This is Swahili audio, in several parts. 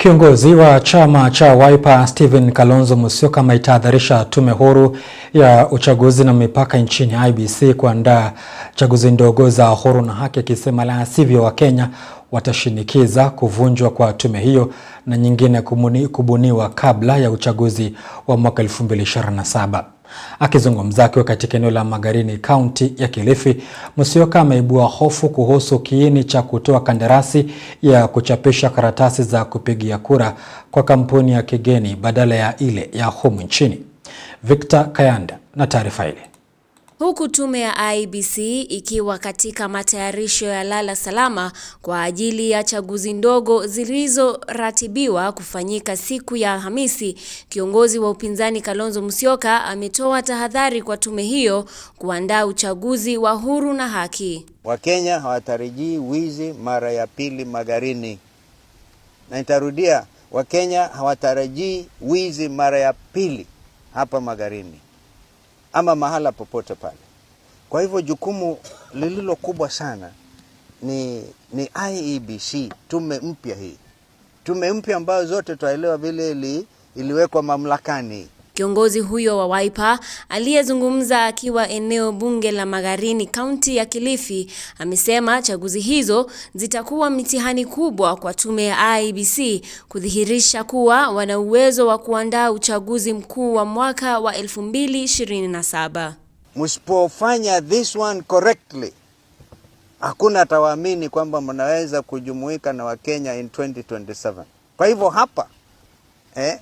Kiongozi wa chama cha Wiper Stephen Kalonzo Musyoka ameitahadharisha Tume Huru ya Uchaguzi na Mipaka nchini IEBC kuandaa chaguzi ndogo za huru na haki, akisema la sivyo Wakenya watashinikiza kuvunjwa kwa tume hiyo na nyingine kubuniwa kabla ya uchaguzi wa mwaka 2027. Akizungumza akiwa katika eneo la Magarini, kaunti ya Kilifi, Musyoka ameibua hofu kuhusu kiini cha kutoa kandarasi ya kuchapisha karatasi za kupigia kura kwa kampuni ya kigeni badala ya ile ya humu nchini. Victor Kayanda na taarifa ile huku tume ya IEBC ikiwa katika matayarisho ya lala salama kwa ajili ya chaguzi ndogo zilizoratibiwa kufanyika siku ya Alhamisi. Kiongozi wa upinzani Kalonzo Musyoka ametoa tahadhari kwa tume hiyo kuandaa uchaguzi wa huru na haki. Wakenya hawatarajii wizi mara ya pili Magarini, na nitarudia, Wakenya hawatarajii wizi mara ya pili hapa Magarini ama mahala popote pale. Kwa hivyo jukumu lililo kubwa sana ni, ni IEBC, tume mpya hii, tume mpya ambayo zote twaelewa vile ili, iliwekwa mamlakani Kiongozi huyo wa Wiper aliyezungumza akiwa eneo bunge la Magarini kaunti ya Kilifi amesema chaguzi hizo zitakuwa mitihani kubwa kwa tume ya IEBC kudhihirisha kuwa wana uwezo wa kuandaa uchaguzi mkuu wa mwaka wa 2027. Msipofanya this one correctly, hakuna atawaamini kwamba mnaweza kujumuika na Wakenya in 2027. Kwa hivyo hapa eh,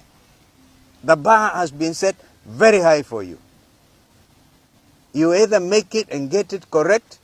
The bar has been set very high for you. You either make it and get it correct,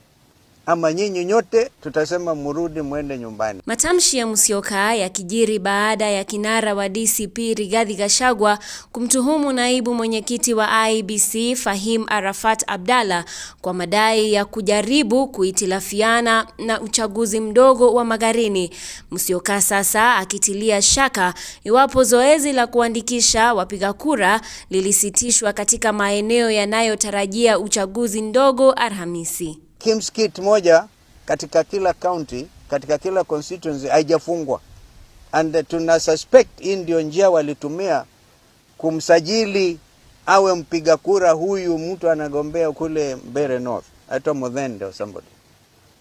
ama nyinyi nyote tutasema murudi mwende nyumbani. Matamshi ya Musyoka yakijiri baada ya kinara wa DCP Rigathi Gachagua kumtuhumu naibu mwenyekiti wa IEBC Fahim Arafat Abdalla kwa madai ya kujaribu kuitilafiana na uchaguzi mdogo wa Magarini. Musyoka sasa akitilia shaka iwapo zoezi la kuandikisha wapiga kura lilisitishwa katika maeneo yanayotarajia uchaguzi ndogo Alhamisi kimskit moja katika kila county, katika kila constituency haijafungwa, and tuna suspect hii ndio njia walitumia kumsajili awe mpiga kura huyu mtu anagombea kule mbere North, aitwa Muthende or somebody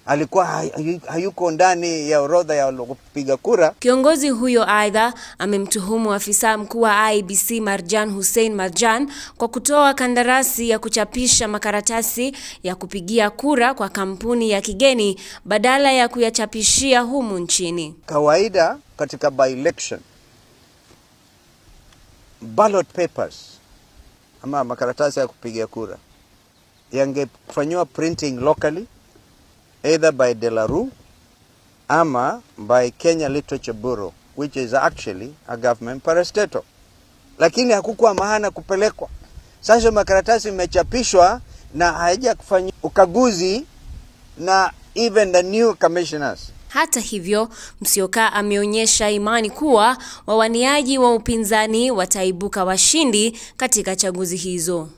alikuwa hayuko ndani ya orodha ya kupiga kura. Kiongozi huyo aidha amemtuhumu afisa mkuu wa IEBC Marjan Hussein Marjan kwa kutoa kandarasi ya kuchapisha makaratasi ya kupigia kura kwa kampuni ya kigeni badala ya kuyachapishia humu nchini. Kawaida katika by election ballot papers ama makaratasi ya kupigia kura yangefanywa printing locally either by Delaru ama by Kenya Literature Bureau which is actually a government parastato. lakini hakukuwa mahana kupelekwa. Sasa makaratasi imechapishwa na haijafanyiwa ukaguzi na even the new commissioners. Hata hivyo, Msioka ameonyesha imani kuwa wawaniaji wa upinzani wataibuka washindi katika chaguzi hizo.